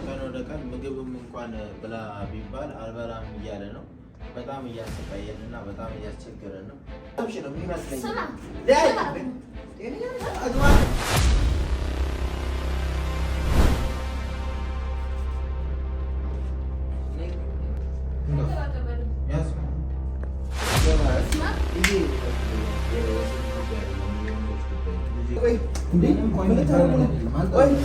ከቀን ወደ ቀን ምግብም እንኳን ብላ ቢባል አልበላም እያለ ነው። በጣም እያሰቃየን እና በጣም እያስቸገረን ነው ነው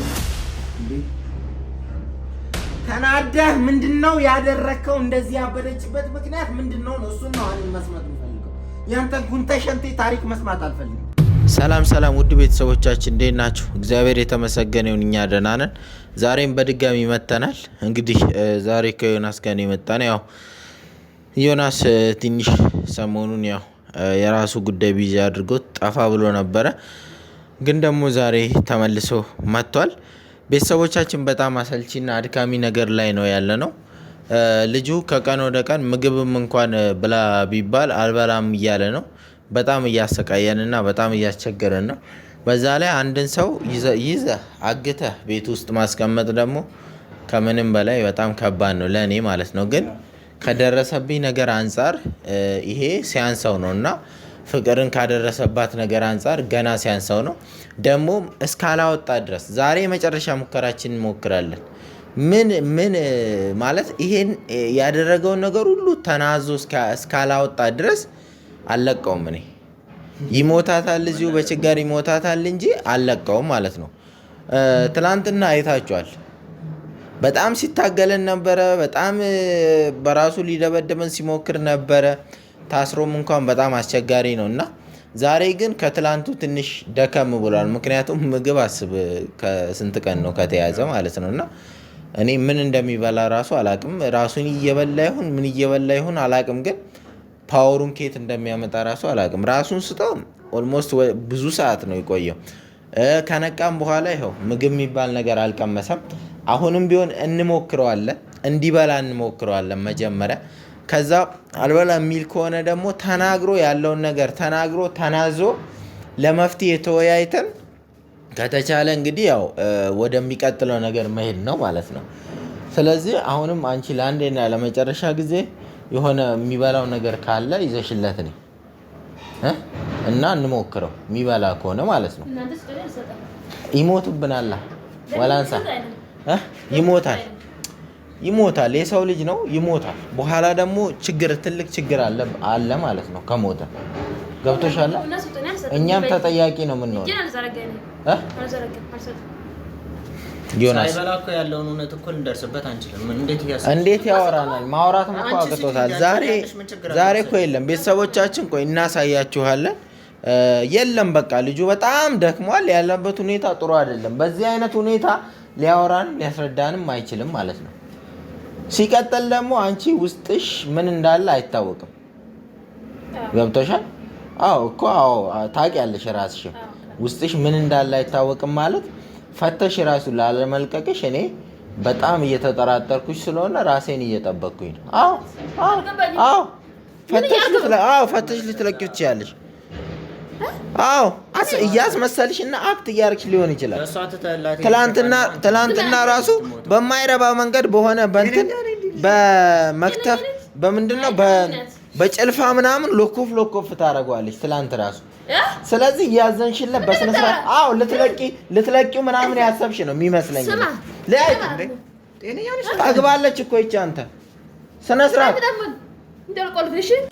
ተናደህ ምንድን ነው ያደረግከው? እንደዚህ ያበደችበት ምክንያት ምንድን ነው? እሱን ነው አሁን መስማት የምፈልገው። ያንተ ጉንተ ሸንቴ ታሪክ መስማት አልፈልግም። ሰላም ሰላም፣ ውድ ቤተሰቦቻችን እንዴት ናችሁ? እግዚአብሔር የተመሰገነ ይሁን፣ እኛ ደህና ነን። ዛሬም በድጋሚ መጥተናል። እንግዲህ ዛሬ ከዮናስ ጋር ነው የመጣነው። ያው ዮናስ ትንሽ ሰሞኑን ያው የራሱ ጉዳይ ቢዚ አድርጎት ጠፋ ብሎ ነበረ፣ ግን ደግሞ ዛሬ ተመልሶ መጥቷል። ቤተሰቦቻችን በጣም አሰልቺና አድካሚ ነገር ላይ ነው ያለ ነው። ልጁ ከቀን ወደ ቀን ምግብም እንኳን ብላ ቢባል አልበላም እያለ ነው። በጣም እያሰቃየንና በጣም እያስቸገረን ነው። በዛ ላይ አንድን ሰው ይዘ አግተ ቤት ውስጥ ማስቀመጥ ደግሞ ከምንም በላይ በጣም ከባድ ነው ለእኔ ማለት ነው። ግን ከደረሰብኝ ነገር አንጻር ይሄ ሲያንሰው ነው እና ፍቅርን ካደረሰባት ነገር አንጻር ገና ሲያንሰው ነው። ደግሞ እስካላወጣ ድረስ ዛሬ የመጨረሻ ሙከራችን እንሞክራለን። ምን ምን ማለት ይሄን ያደረገውን ነገር ሁሉ ተናዞ እስካላወጣ ድረስ አልለቀውም። እኔ ይሞታታል፣ እዚሁ በችጋር ይሞታታል እንጂ አልለቀውም ማለት ነው። ትላንትና አይታችኋል። በጣም ሲታገለን ነበረ። በጣም በራሱ ሊደበደበን ሲሞክር ነበረ። ታስሮም እንኳን በጣም አስቸጋሪ ነው እና ዛሬ ግን ከትላንቱ ትንሽ ደከም ብሏል። ምክንያቱም ምግብ አስብ ከስንት ቀን ነው ከተያዘ ማለት ነው። እና እኔ ምን እንደሚበላ ራሱ አላቅም። ራሱን እየበላ ይሁን ምን እየበላ ይሁን አላቅም፣ ግን ፓወሩን ኬት እንደሚያመጣ ራሱ አላቅም። ራሱን ስጠው ኦልሞስት ብዙ ሰዓት ነው የቆየው። ከነቃም በኋላ ይኸው ምግብ የሚባል ነገር አልቀመሰም። አሁንም ቢሆን እንሞክረዋለን፣ እንዲበላ እንሞክረዋለን መጀመሪያ ከዛ አልበላ የሚል ከሆነ ደግሞ ተናግሮ ያለውን ነገር ተናግሮ ተናዞ ለመፍትሄ ተወያይተን ከተቻለ እንግዲህ ያው ወደሚቀጥለው ነገር መሄድ ነው ማለት ነው። ስለዚህ አሁንም አንቺ ለአንዴና ለመጨረሻ ጊዜ የሆነ የሚበላው ነገር ካለ ይዘሽለት ነይ እና እንሞክረው። የሚበላ ከሆነ ማለት ነው። ይሞቱብናላ ወላንሳ ይሞታል። ይሞታል። የሰው ልጅ ነው ይሞታል። በኋላ ደግሞ ችግር ትልቅ ችግር አለ ማለት ነው ከሞተ ገብቶሻል። እኛም ተጠያቂ ነው የምንሆነው። ዮናስ ያለውን እውነት እኮ እንደርስበት አንችልም። እንዴት ያወራናል? ማውራትም እኮ አቅቶታል። ዛሬ እኮ የለም ቤተሰቦቻችን፣ ቆይ እናሳያችኋለን። የለም በቃ ልጁ በጣም ደክሟል። ያለበት ሁኔታ ጥሩ አይደለም። በዚህ አይነት ሁኔታ ሊያወራንም ሊያስረዳንም አይችልም ማለት ነው። ሲቀጥል ደግሞ አንቺ ውስጥሽ ምን እንዳለ አይታወቅም። ገብቶሻል? አዎ እኮ አዎ፣ ታውቂያለሽ። ራስሽም ውስጥሽ ምን እንዳለ አይታወቅም ማለት ፈተሽ ራሱ ላለመልቀቅሽ እኔ በጣም እየተጠራጠርኩሽ ስለሆነ ራሴን እየጠበቅኩኝ ነው። አዎ ፈተሽ ልትለቂው ትችያለሽ። አዎ እያስመሰልሽ እና አክት እያርክሽ ሊሆን ይችላል። ትላንትና ራሱ በማይረባ መንገድ በሆነ በንትን በመክተፍ በምንድን ነው በጭልፋ ምናምን ሎኮፍ ሎኮፍ ታደርገዋለች ትላንት ራሱ። ስለዚህ እያዘንሽለት በስነ ስርዓት አዎ፣ ልትለቂ ልትለቂው ምናምን ያሰብሽ ነው የሚመስለኝ። ጠግባለች እኮ ይቺ አንተ ስነ ስርዓት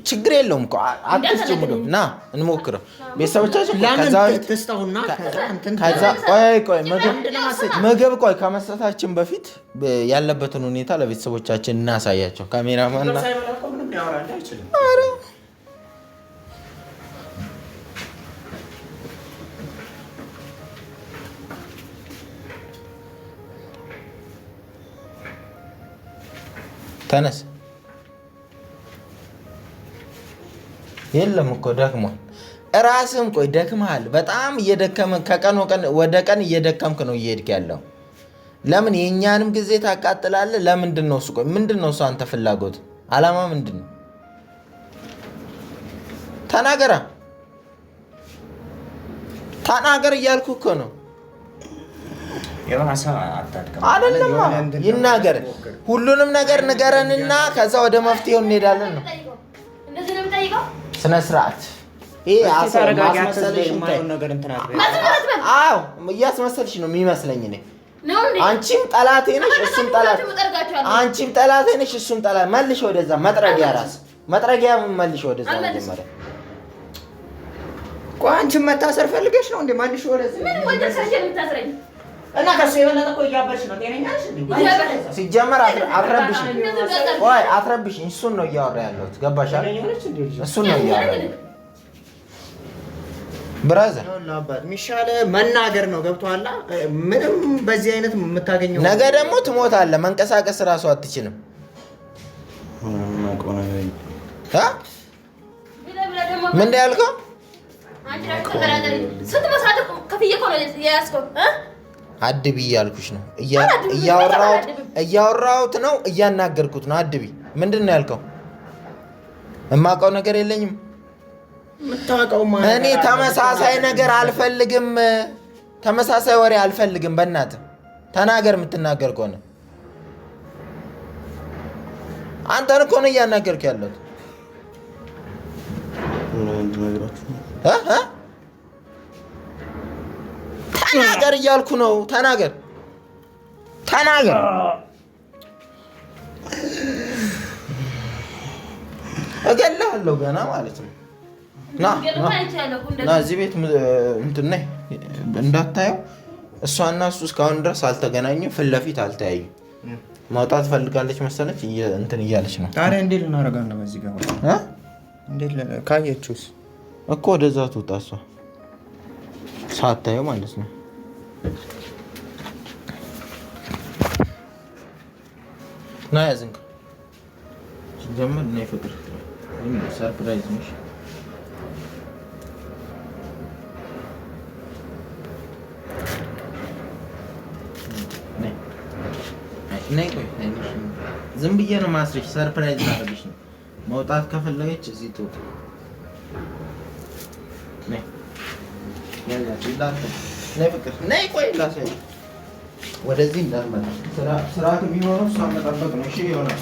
ችግር የለውም እኮ አትስጭሙዶ እና እንሞክረው። ቤተሰቦቻችን ምግብ ቆይ ከመስጠታችን በፊት ያለበትን ሁኔታ ለቤተሰቦቻችን እናሳያቸው። ካሜራማና ተነስ የለም እኮ ደክሟል። ራስህም ቆይ ደክመሃል። በጣም እየደከመ ከቀን ወደ ቀን እየደከምክ ነው እየሄድክ ያለው። ለምን የእኛንም ጊዜ ታቃጥላለህ? ለምንድን ነው እሱ? ቆይ ምንድን ነው እሱ? አንተ ፍላጎት አላማ ምንድን ነው? ተናገራ ተናገር እያልኩ እኮ ነው። አይደለም ይናገር፣ ሁሉንም ነገር ንገረንና ከዛ ወደ መፍትሄው እንሄዳለን ነው ስነ ስርዓት እያስመሰልሽ ነው የሚመስለኝ። አንቺም ጠላቴ ነሽ፣ እሱም ጠላት። አንቺም ጠላቴ ነሽ፣ እሱም ጠላት። መልሽ ወደዛ መጥረጊያ፣ ራስ መጥረጊያ መልሽ ወደዛ። መጀመሪያ ቆይ አንቺም መታሰር ፈልገሽ ነው እንደ መልሽ ወደዛ እና ከሱ የበለጠ እኮ እያበድሽ ነው። ጤነኛ ሲጀመር አትረብሽ፣ ወይ አትረብሽ። እሱን ነው እያወራ ያለሁት ገባሽ? እሱን ነው እያወራ ብራዘር፣ የሚሻልህ መናገር ነው። ገብቶሃል? ምንም በዚህ አይነት የምታገኘው ነገ ደግሞ ትሞታለህ። መንቀሳቀስ እራሱ አትችልም። ምንድን ያልከው አድቢ እያልኩሽ ነው። እያወራሁት ነው፣ እያናገርኩት ነው። አድቢ ምንድን ነው ያልከው? እማውቀው ነገር የለኝም። እኔ ተመሳሳይ ነገር አልፈልግም፣ ተመሳሳይ ወሬ አልፈልግም። በእናት ተናገር፣ የምትናገር ከሆነ አንተን እኮ ነው እያናገርኩ ያለሁት። ተናገር እያልኩ ነው። ተናገር ተናገር። እገላለሁ ገና ማለት ነው። ና እዚህ ቤት እንትን ነይ እንዳታየው። እሷና እሱ እስካሁን ድረስ አልተገናኙም፣ ፊት ለፊት አልተያዩም። መውጣት ፈልጋለች መሰለች፣ እንትን እያለች ነው። ታዲያ እንዴት ልናደርጋለን? በዚህ ጋር እንዴት ካየችውስ እኮ ወደዛ ትውጣ እሷ ሳታየው ማለት ነው። ና ያዝንክ ጀምር ና ይፈቅር ሰርፕራይዝ ነሽ። ዝም ብዬ ነው ማስረሽ ሰርፕራይዝ ማድረግሽ ነው። መውጣት ከፈለገች እዚህ ትወጡ ወደዚህ ስርዓት የሚሆነው እሷ መጠበቅ ነው። እሺ ይሆናል።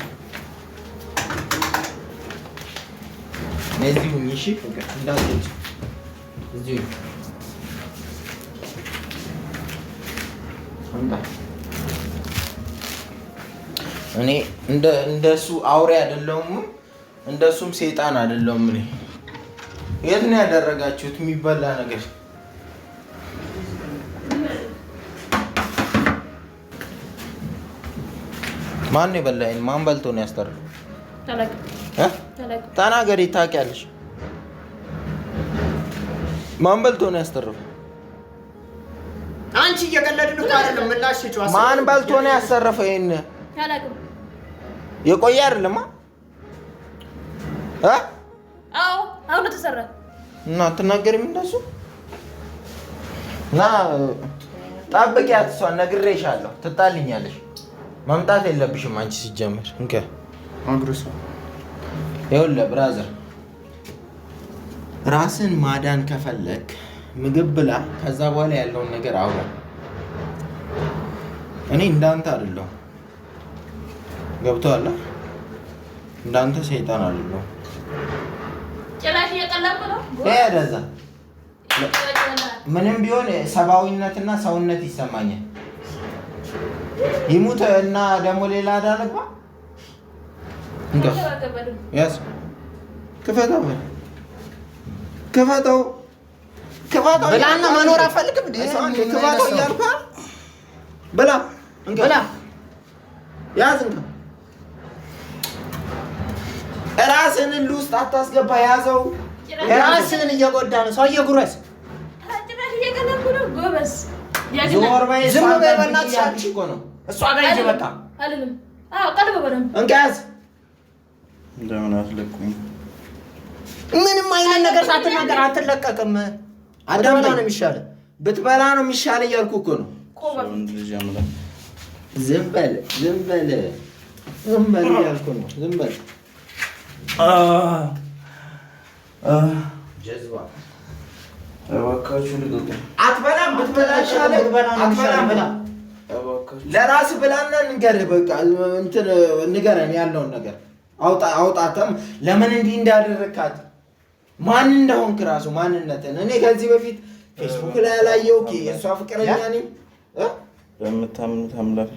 እዚሁ እሺ፣ እንዳትወጪ እዚሁ እኔ እንደሱ አውሬ አይደለሁም፣ እንደሱም ሴጣን አይደለሁም። እኔ የት ነው ያደረጋችሁት የሚበላ ነገር ማን ነው የበላይን ማን በልቶ ነው ያስተረፈ? ተናገሪ። ታውቂያለሽ? ማን በልቶ ነው ያስተረፈ? አንቺ እየቀለድን እኮ አይደለም። ምላሽ ይጫዋስ ማን በልቶ ነው ያስተረፈ? ይሄን የቆየ አይደለም። አዎ አሁን ተሰራ እና አትናገሪም እንደሱ ና ጠብቂያት። እሷን ነግሬሻለሁ፣ ትጣልኛለሽ መምጣት የለብሽም አንቺ። ሲጀምር እንከ ማግረሱ ይኸውልህ፣ ብራዘር ራስን ማዳን ከፈለክ ምግብ ብላ፣ ከዛ በኋላ ያለውን ነገር አውራ። እኔ እንዳንተ አይደለሁም፣ ገብቶሃል? እንዳንተ ሰይጣን አይደለሁም። ጭራሽ ነው። ምንም ቢሆን ሰብአዊነትና ሰውነት ይሰማኛል። ይሙት እና ደግሞ ሌላ ዕዳ ልግባ። ያስ ክፈተው ክፈተው ክፈተው ብላና መኖር አፈልግም። ክፈተው እያልኩ ብላ ብላ ያዝ ራስን ውስጥ አታስገባ። ያዘው እየጎዳ ነው። ሰው እየጉረስ ዝም በይ በእናትሽ እኮ ነው። እሷ ጋር ይዤ መጣ እንቀያዝ እንደምን አትለቁኝ። ምንም አይነት ነገር ሳትናገር አትለቀቅም። አዳምጣ ነው የሚሻለ ብትበላ ነው የሚሻለ እያልኩ እኮ ነው። ዝም በል ዝም በል ዝም በል እያልኩ ነው። ዝም በል ጀዝባ አትበላም። ብትበላ ይሻላል። አትበላም። ብላና በቃ እንትን ንገረን ያለውን ነገር አውጣተም ለምን እንዲህ እንዳደረካት ማን እንደሆንክ ራሱ ማንነትን እኔ ከዚህ በፊት ፌስቡክ ላይ ያላየው የእሷ ፍቅረኛ ነኝ። በምታምኑት አምላክ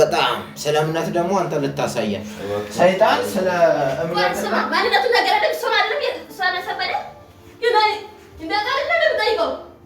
በጣም ስለ እምነት ደግሞ አንተ ልታሳያል። ሰይጣን ስለ እምነት ነገር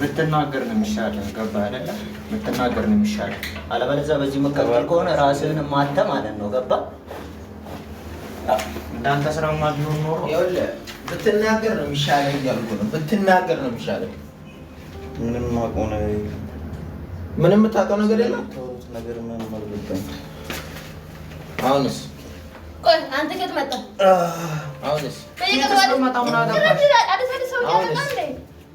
ብትናገር ነው የሚሻል። ገባህ አይደለ? ብትናገር ነው የሚሻል። አለበለዚያ በዚህ መቀጠል ከሆነ ራስህን ማተ ማለት ነው። ገባህ? እንዳንተ ስራማ ቢሆን ኖሮ ብትናገር ነው የሚሻለህ እያልኩ ነው። ብትናገር ነው የሚሻለህ። ምንም የማውቀው ነገር የለም። ምንም የምታውቀው ነገር የለም። ነገር አሁንስ ቆይ አንተ ከየት መጣህ? አሁንስ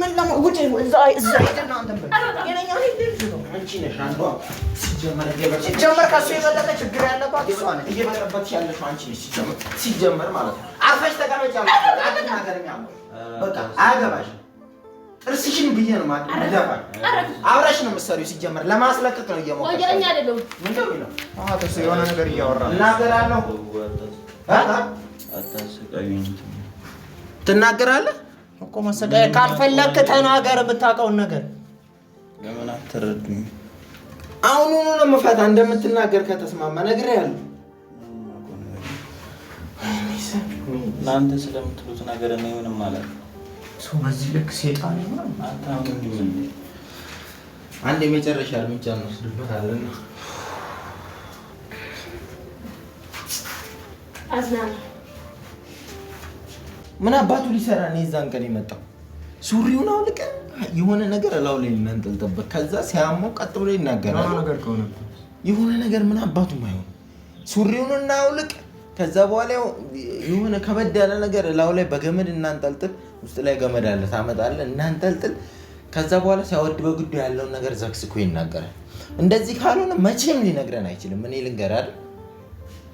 ምን ለውጭ እዛ ሄደና ሲጀመር ችግር ያለባት ነሽ። ሲጀመር ሲጀመር ማለት ነው። አርፈሽ ተቀመጪ። በቃ አያገባሽም። ጥርስሽን ብዬ ነው ማለት አብረሽ ነው የምትሰሪው። ሲጀመር ለማስለቀቅ ነው እየሞከርሽ። የሆነ ነገር እናገራለሁ። ትናገራለህ እኮ መሰቃየት ካልፈለክ ተናገር፣ የምታውቀውን ነገር ለምን አትረዱኝ? አሁኑኑ ነው የምፈታ። እንደምትናገር ከተስማማ ነገር ያለው እናንተ ስለምትሉት ነገር እኔ ምንም ማለት ሰው በዚህ ልክ ሴጣን ይሆናል። አንድ የመጨረሻ እርምጃ እንወስድበታለን። አዝናለሁ ምን አባቱ ሊሰራ ነው? የዛን ቀን የመጣው ሱሪውን አውልቀን የሆነ ነገር እላው ላይ እናንጠልጠበት። ከዛ ሲያመው ቀጥ ብሎ ይናገራል። የሆነ ነገር ምን አባቱ ማይሆን ሱሪውን እናውልቅ። ከዛ በኋላ የሆነ ከበድ ያለ ነገር እላው ላይ በገመድ እናንጠልጥል። ውስጥ ላይ ገመድ አለ፣ ታመጣለ፣ እናንጠልጥል። ከዛ በኋላ ሲያወድ በግዱ ያለውን ነገር ዘግዝኮ ይናገራል። እንደዚህ ካልሆነ መቼም ሊነግረን አይችልም። እኔ ልንገር አይደል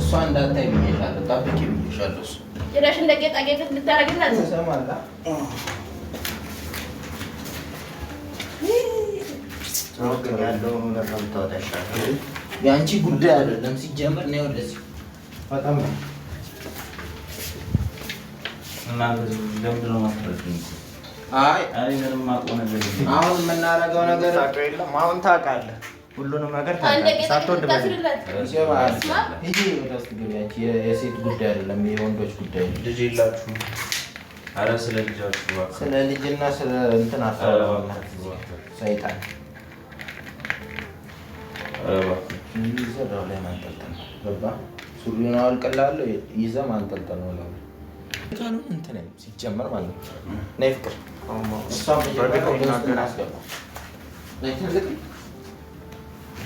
እሷ እንዳታይ ብዬሻለሁ፣ ጠብቂ ብዬሻለሁ። እሱ ጭራሽ እንደ ጌጣጌጥ ልታደርግላት ትሰማለህ። የአንቺ ጉዳይ አይደለም ሲጀምር ነው። ለዚህ በጣም አሁን የምናደርገው ነገር አሁን ታውቃለህ ሁሉንም ነገር ሳትወድ የሴት ጉዳይ አይደለም፣ የወንዶች ጉዳይ ነው። ልጅ የላችሁም? ኧረ ስለ ልጃችሁ ስለ ልጅና ስለ እንትን ሰይጣን ላይ ማንጠልጠል ነው። ሱሪውን አወልቅልሃለሁ ይዘህ ማንጠልጠል ነው። ቃሉ እንትን ሲጀመር ማለት ነው። ነይ ፍቅር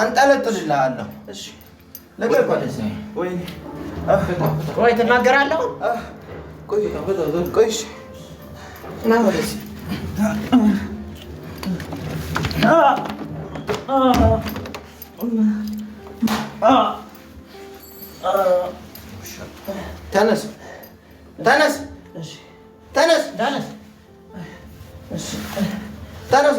አንጠለጥልሃለሁ። እሺ ነገር ቆይ ትናገራለህ። ተነስ ተነስ ተነስ ተነስ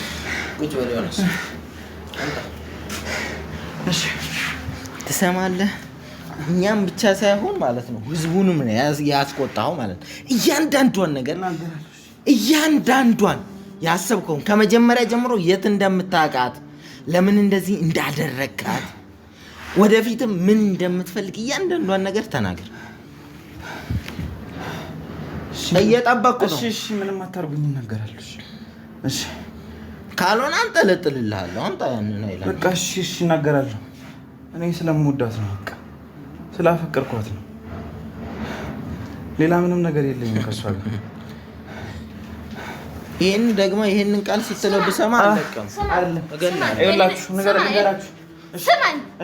ቁጭ በል ዮናስ። እሺ ትሰማለህ? እኛም ብቻ ሳይሆን ማለት ነው ህዝቡንም ነው ያስቆጣው ማለት ነው። እያንዳንዷን ነገር እያንዳንዷን ያሰብከውን ከመጀመሪያ ጀምሮ የት እንደምታውቃት ለምን እንደዚህ እንዳደረግካት ወደፊትም ምን እንደምትፈልግ እያንዳንዷን ነገር ተናገር። እየጠበቅኩ ነው። ምንም አታርጉኝ። ይናገራሉ። እሺ ካልሆነ አንጠለጥልልሃለሁ። አምጣ ያንን አይላም። በቃ እሺ፣ እሺ እናገራለሁ። እኔ ስለምወዳት ነው፣ በቃ ስላፈቅርኳት ነው። ሌላ ምንም ነገር የለኝም ከሷ ጋር። ይህን ደግሞ ይህንን ቃል ስትለው ብሰማ አለቀም።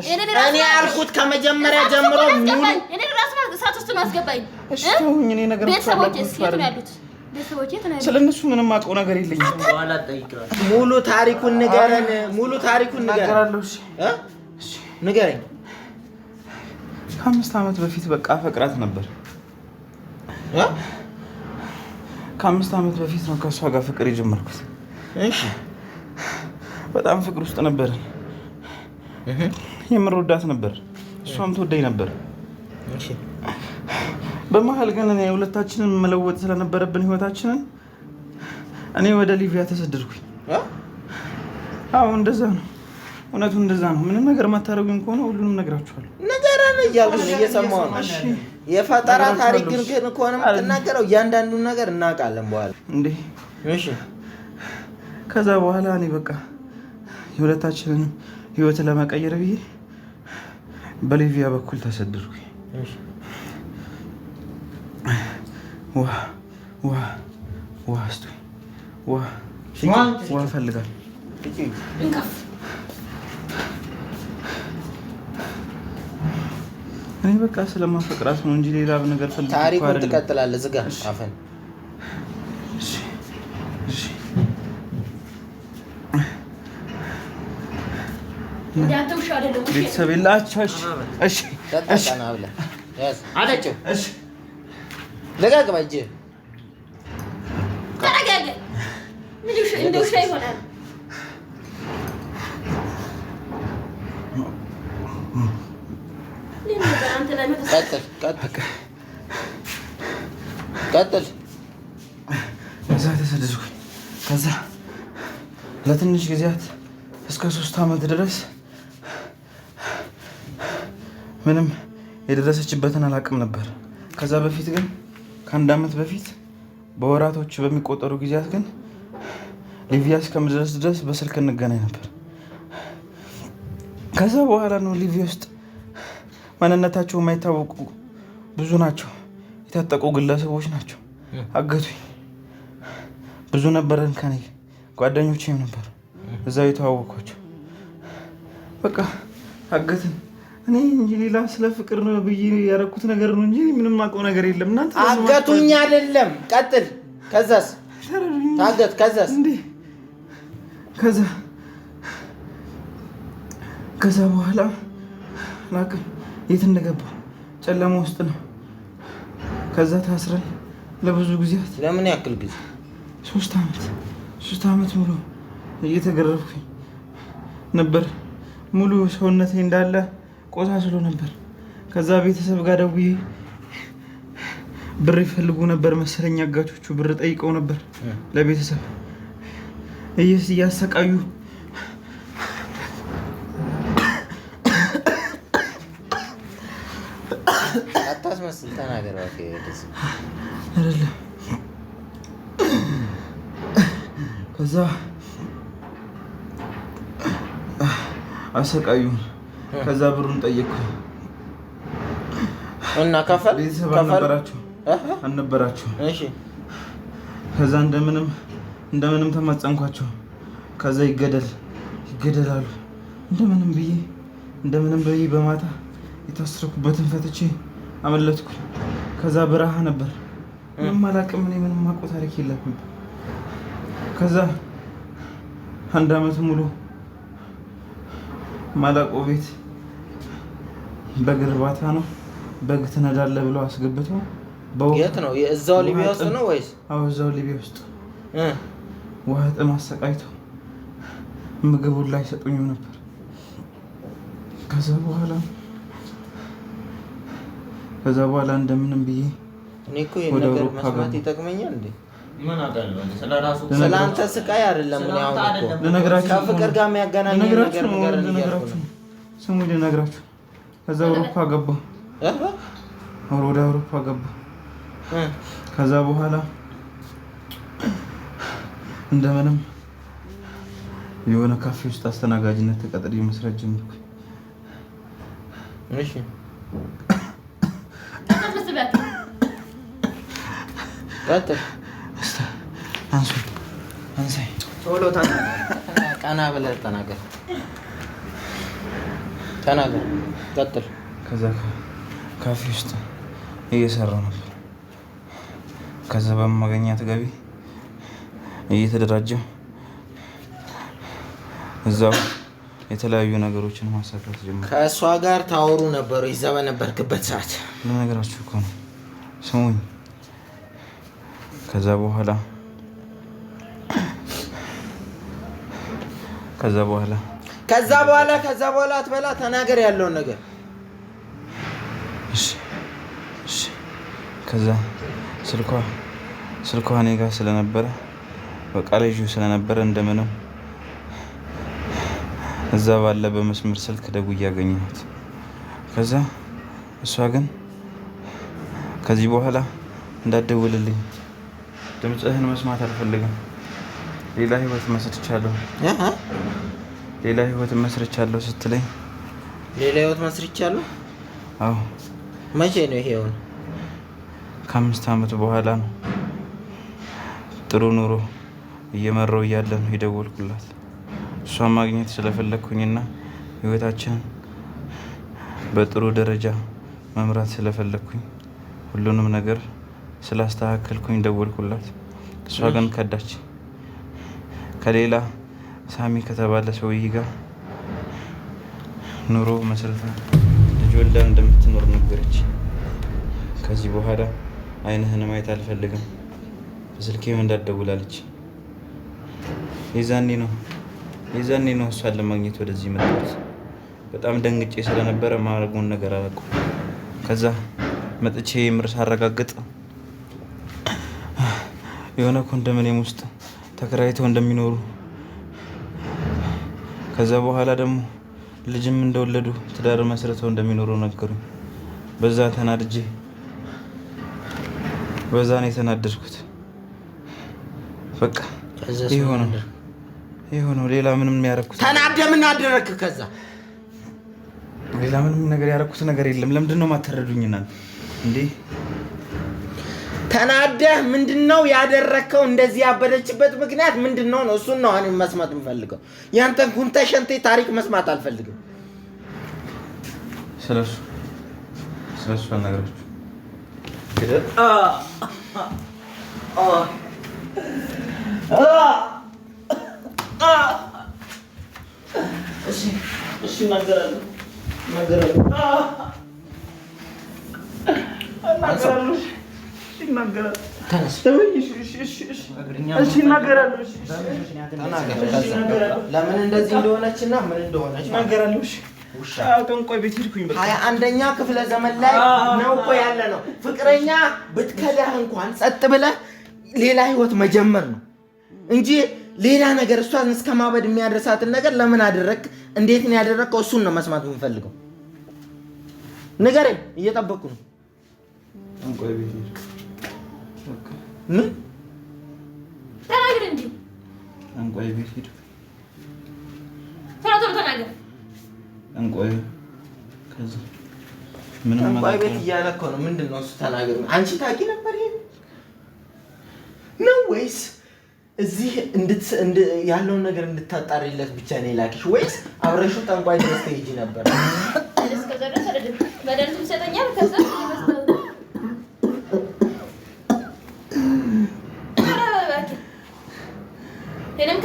እኔ ያልኩት ከመጀመሪያ ጀምሮ እኔ ራሱ እሳት ውስጥ ነው አስገባኝ። ቤተሰቦቼ የት ነው ያሉት? ስለነሱ ምንም አውቀው ነገር የለኝም። ሙሉ ታሪኩን ንገረን። ሙሉ ታሪኩን ንገረኝ። ከአምስት ዓመት በፊት በቃ ፈቅራት ነበር። ከአምስት ዓመት በፊት ነው ከእሷ ጋር ፍቅር የጀመርኩት። በጣም ፍቅር ውስጥ ነበርን። የምንወዳት ነበር፣ እሷም ትወዳኝ ነበር። በመሀል ግን እኔ ሁለታችንን መለወጥ ስለነበረብን ህይወታችንን እኔ ወደ ሊቪያ ተሰደድኩኝ። አዎ እንደዛ ነው፣ እውነቱ እንደዛ ነው። ምንም ነገር ማታደርጉኝ ከሆነ ሁሉንም ነግራችኋለሁ። ነገርን እያሉ እየሰማሁ ነው። የፈጠራ ታሪክ ግን ከሆነ የምትናገረው እያንዳንዱን ነገር እናውቃለን። በኋላ እንዴ ከዛ በኋላ እኔ በቃ የሁለታችንንም ህይወት ለመቀየር ብዬ በሊቪያ በኩል ተሰደድኩኝ። ውሃ ውሃ ውሃ ስጡኝ። ውሃ ውሃ እኔ በቃ ስለማፈቅራት ነው እንጂ ሌላ ነገር ታሪኩን ትቀጥላለህ። ዝጋ አፈን ቤተሰብ የላቸው። እሺ እሺ ደጋግማ እጅ ተረጋጋ። እንደው ሻይ ይሆናል። ቀጥል። እዛ ተሰደድኩኝ። ከዛ ለትንሽ ጊዜያት እስከ ሶስት ዓመት ድረስ ምንም የደረሰችበትን አላውቅም ነበር። ከዛ በፊት ግን ከአንድ ዓመት በፊት በወራቶች በሚቆጠሩ ጊዜያት ግን ሊቪያ እስከምድረስ ድረስ በስልክ እንገናኝ ነበር። ከዛ በኋላ ነው ሊቪያ ውስጥ ማንነታቸው የማይታወቁ ብዙ ናቸው፣ የታጠቁ ግለሰቦች ናቸው አገቱኝ። ብዙ ነበረን፣ ከኔ ጓደኞቼም ነበር እዛው የተዋወኳቸው። በቃ አገትን። እኔ እንጂ ሌላ ስለ ፍቅር ነው ብዬ ያደረኩት ነገር ነው እንጂ ምንም አውቀው ነገር የለም። እናንተ አገቱኝ አይደለም። ቀጥል። ከዛስ ታገት። ከዛስ ከዛ ከዛ በኋላ ላቅ የት እንደገባ ጨለማ ውስጥ ነው። ከዛ ታስረን ለብዙ ጊዜያት ለምን ያክል ጊዜ ሶስት ዓመት ሶስት ዓመት ሙሉ እየተገረፍኩኝ ነበር ሙሉ ሰውነቴ እንዳለ ቆሳስሎ ነበር። ከዛ ቤተሰብ ጋር ደውዬ ብር ይፈልጉ ነበር መሰለኝ አጋቾቹ ብር ጠይቀው ነበር ለቤተሰብ እያሰቃዩ አታስመስል ተናገር ከዛ አሰቃዩን ከዛ ብሩን ጠየቅኩ እና ከፈል ቤተሰብ አልነበራችሁም እሺ ከዛ እንደምንም እንደምንም ተማጸንኳቸው። ከዛ ይገደል ይገደላሉ እንደምንም ብዬ እንደምንም ብዬ በማታ የታሰርኩበትን ፈትቼ አመለጥኩ። ከዛ በረሃ ነበር ምንም አላውቅም። እኔ ምንም አውቀው ታሪክ የለብም። ከዛ አንድ አመት ሙሉ ማለቆ ቤት በግ እርባታ ነው። በግ ትነዳለህ ብለው አስገብቶ የት ነው? እዛው ሊቢያ ውስጥ ነው ወይስ? አዎ እዛው ሊቢያ ውስጥ ውሃ ጥም አሰቃይተው ምግቡን ላይ ሰጡኝም ነበር። ከዛ በኋላ ከዛ በኋላ እንደምንም ብዬ እኔ እኮ ነገር መስማት ይጠቅመኛል እንዴ ስለ አንተ ስቃይ አይደለም ከፍቅር ጋር የሚያገናኝ ስሙ ልነግራችሁ። ከዛ አውሮፓ ገባ፣ ወደ አውሮፓ ገባ። ከዛ በኋላ እንደምንም የሆነ ካፌ ውስጥ አስተናጋጅነት ተቀጥሬ መስራት ጀመርኩ። እሺ ቀና ብለህ ተናገር ተናገር። ቀጥል። ከዛ ካፌ ውስጥ እየሰራ ነበር። ከዛ በማገኛት ገቢ እየተደራጀ እዛው የተለያዩ ነገሮችን ማሳካት ጀመርኩ። ከእሷ ጋር ታወሩ ነበሩ? ይዛ በነበርክበት ሰዓት ለነገራችሁ እኮ ነው። ስሙኝ። ከዛ በኋላ ከዛ በኋላ ከዛ በኋላ ከዛ በኋላ አትበላ ተናገር ያለውን ነገር ከዛ ስልኳ ስልኳ እኔ ጋር ስለነበረ በቃ ልጁ ስለነበረ እንደምንም እዛ ባለ በመስመር ስልክ ደውዬ ያገኘት ከዛ እሷ ግን ከዚህ በኋላ እንዳደውልልኝ ድምፅህን መስማት አልፈልግም ሌላ ህይወት መስርቻለሁ ሌላ ህይወት መስርቻለሁ ስትለኝ ሌላ ህይወት መስርቻለሁ? አዎ። መቼ ነው ይሄ? ሆነ ከአምስት አመት በኋላ ነው። ጥሩ ኑሮ እየመራው እያለ ነው የደወልኩላት። እሷን ማግኘት ስለፈለግኩኝና ህይወታችንን በጥሩ ደረጃ መምራት ስለፈለግኩኝ ሁሉንም ነገር ስላስተካከልኩኝ ደወልኩላት። እሷ ግን ከዳች። ከሌላ ሳሚ ከተባለ ሰውዬ ጋር ኑሮ መስርታ ልጅ ወልዳ እንደምትኖር ነገረች። ከዚህ በኋላ አይንህን ማየት አልፈልግም፣ በስልኬም እንዳትደውላለች። የዛኔ ነው የዛኔ ነው እሷን ለማግኘት ወደዚህ መጣሁት። በጣም ደንግጬ ስለነበረ ማድረጉን ነገር አላውቅም። ከዛ መጥቼ ምርስ አረጋግጥ የሆነ ኮንዶሚኒየም ውስጥ ተከራይተው እንደሚኖሩ ከዛ በኋላ ደግሞ ልጅም እንደወለዱ ትዳር መስርተው እንደሚኖሩ ነገሩኝ። በዛ ተናድጄ በዛ ነው የተናደድኩት። በቃ ይሄ ነው። ሌላ ምንም ያደረኩት ተናደ ምን አደረግክ? ከዛ ሌላ ምንም ነገር ያረኩት ነገር የለም። ለምንድን ነው የማታረዱኝ እንዴ? ተናደህ ምንድን ነው ያደረግከው? እንደዚህ ያበደችበት ምክንያት ምንድን ነው ነው? እሱን ነው እኔ መስማት የምፈልገው። ያንተ ጉንተ ሸንቴ ታሪክ መስማት አልፈልግም። ስለሱ ስለሱ አልነገረችው እሺ፣ እሺ ለምን እንደዚህ እንደሆነች እና ምን እንደሆነች እናገራለሁ። ሀያ አንደኛ ክፍለ ዘመን ላይ ነው እኮ ያለ ነው። ፍቅረኛ ብትከዳህ እንኳን ጸጥ ብለህ ሌላ ህይወት መጀመር ነው እንጂ ሌላ ነገር እሷን እስከ ማበድ የሚያደርሳትን ነገር ለምን አደረግ፣ እንዴት ነው ያደረግከው? እሱን ነው መስማት የምፈልገው። ንገረኝ፣ እየጠበቅኩ ነው። ምን ተናግር እንጂ እንቆይ ቤት ሂድ። ተናግር ተናግር እንቆይ ከዛ ምንም እንቆይ ቤት እያለ እኮ ነው። ምንድን ነው እሱ? ተናግር አንቺ ታውቂ ነበር ይሄ ነው ወይስ እዚህ ያለውን ነገር እንድታጣሪለት ብቻ ነው የላክሽ ወይስ አብረሹ ጠንቋይ ድረስ ትሄጂ ነበር?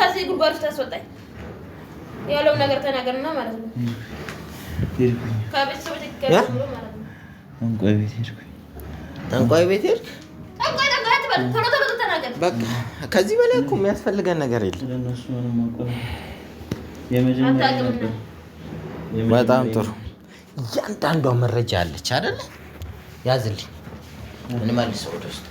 ከዚህ ጉድጓድ ውስጥ አስወጣኝ። ያለው ነገር ተናገርና ማለት ነው። ከቤተሰቦች ማለት ነው። ጠንቋይ ቤት ሄድኩ። ጠንቋይ ቤት ሄድክ? በቃ ከዚህ በላይ እኮ የሚያስፈልገን ነገር የለም። በጣም ጥሩ። እያንዳንዷ መረጃ አለች አይደለ? ያዝልኝ፣ እንመልሰው ወደ ውስጥ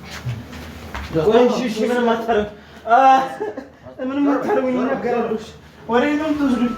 ምንም አታደርጉኝ። ነገራለች ወደ ነው ትወስዱኝ